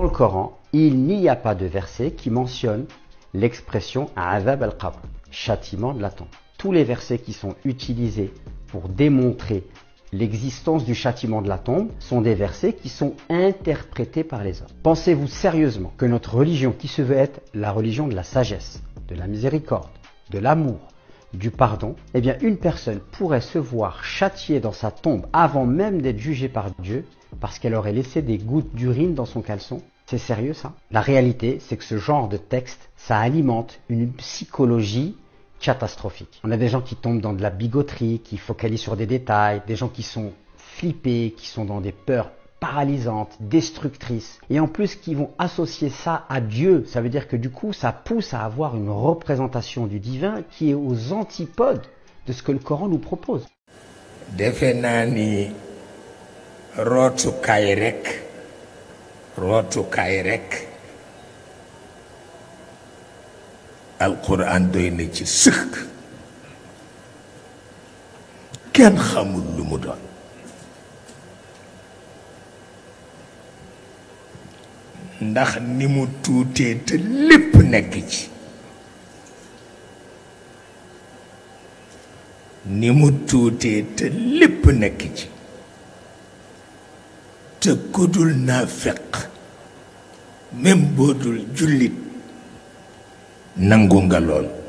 Dans le Coran, il n'y a pas de verset qui mentionne l'expression Azab al-Qabr, châtiment de la tombe. Tous les versets qui sont utilisés pour démontrer l'existence du châtiment de la tombe sont des versets qui sont interprétés par les hommes. Pensez-vous sérieusement que notre religion, qui se veut être la religion de la sagesse, de la miséricorde, de l'amour, du pardon, eh bien une personne pourrait se voir châtiée dans sa tombe avant même d'être jugée par Dieu parce qu'elle aurait laissé des gouttes d'urine dans son caleçon. C'est sérieux ça La réalité, c'est que ce genre de texte, ça alimente une psychologie catastrophique. On a des gens qui tombent dans de la bigoterie, qui focalisent sur des détails, des gens qui sont flippés, qui sont dans des peurs paralysante, destructrice, et en plus qui vont associer ça à Dieu. Ça veut dire que du coup, ça pousse à avoir une représentation du divin qui est aux antipodes de ce que le Coran nous propose. rotu rotu Al-Quran ndax ni mu tuutee te lépp nekk ci ni mu tuutee te lépp nekk ci te kudul naafeq jullit nangu nga lool